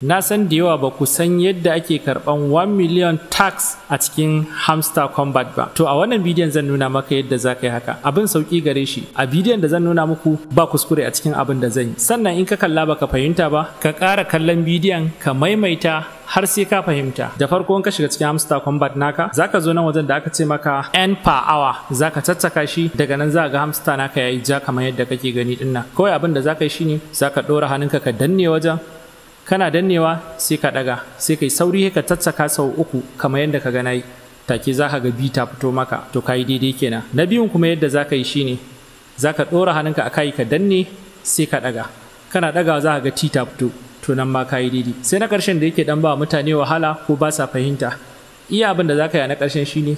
na san da yawa ba ku san yadda ake karban 1 million tax a cikin hamster combat ba to a wannan bidiyon zan nuna maka yadda za ka yi haka abin sauki gare shi a bidiyon da zan nuna muku ba kuskure a cikin abin da zan yi sannan in ka kalla ba ka fahimta ba ka ƙara kallon bidiyon ka maimaita har sai ka fahimta da farko in ka shiga cikin hamster combat naka zaka zo nan wajen da aka ce maka n per hour zaka tattaka shi daga nan za ga hamster naka yayi ja kamar yadda kake gani din kawai abin da zaka yi shine zaka ɗora hannunka ka danne wajen kana dannewa sai ka daga sai kai sauri ka tattaka sau uku kamar yadda ka gana take za ka ga bi ta fito maka to yi daidai kenan na biyun kuma yadda za ka yi shine za ka ɗora hannunka a kai ka danne sai ka daga kana daga za ka ga ti ta fito to nan ma yi daidai sai na ƙarshen da yake dan ba mutane wahala ko ba sa fahimta iya abin da za ka yi na ƙarshen shine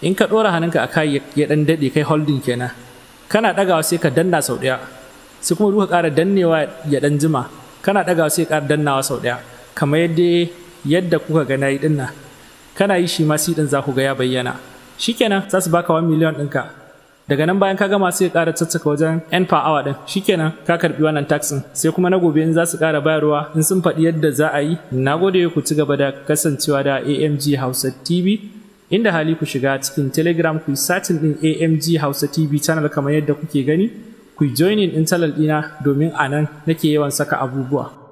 in ka ɗora hannunka a kai ya dan daɗe kai holding kenan kana ɗagawa sai ka danna sau ɗaya sai kuma duka ƙara dannewa ya ɗan jima kana ɗaga sai ƙar dannawa sau ɗaya kamar yadda yadda kuka ga nayi ɗin nan kana yi shi ma si ɗin za ku ga ya bayyana shikenan za su baka 1 miliyan ɗinka daga nan bayan ka gama ya ƙara caccaka wajen 'yan per hour ɗin shikenan ka karɓi wannan taxin sai kuma na gobe in za su ƙara bayarwa in sun faɗi yadda za a yi na gode ku ci gaba da kasancewa da amg hausa tv inda hali ku shiga cikin telegram ku yi satin ɗin amg hausa tv channel kamar yadda kuke gani ku joinin ɗin talal ɗina domin a nan nake yawan saka abubuwa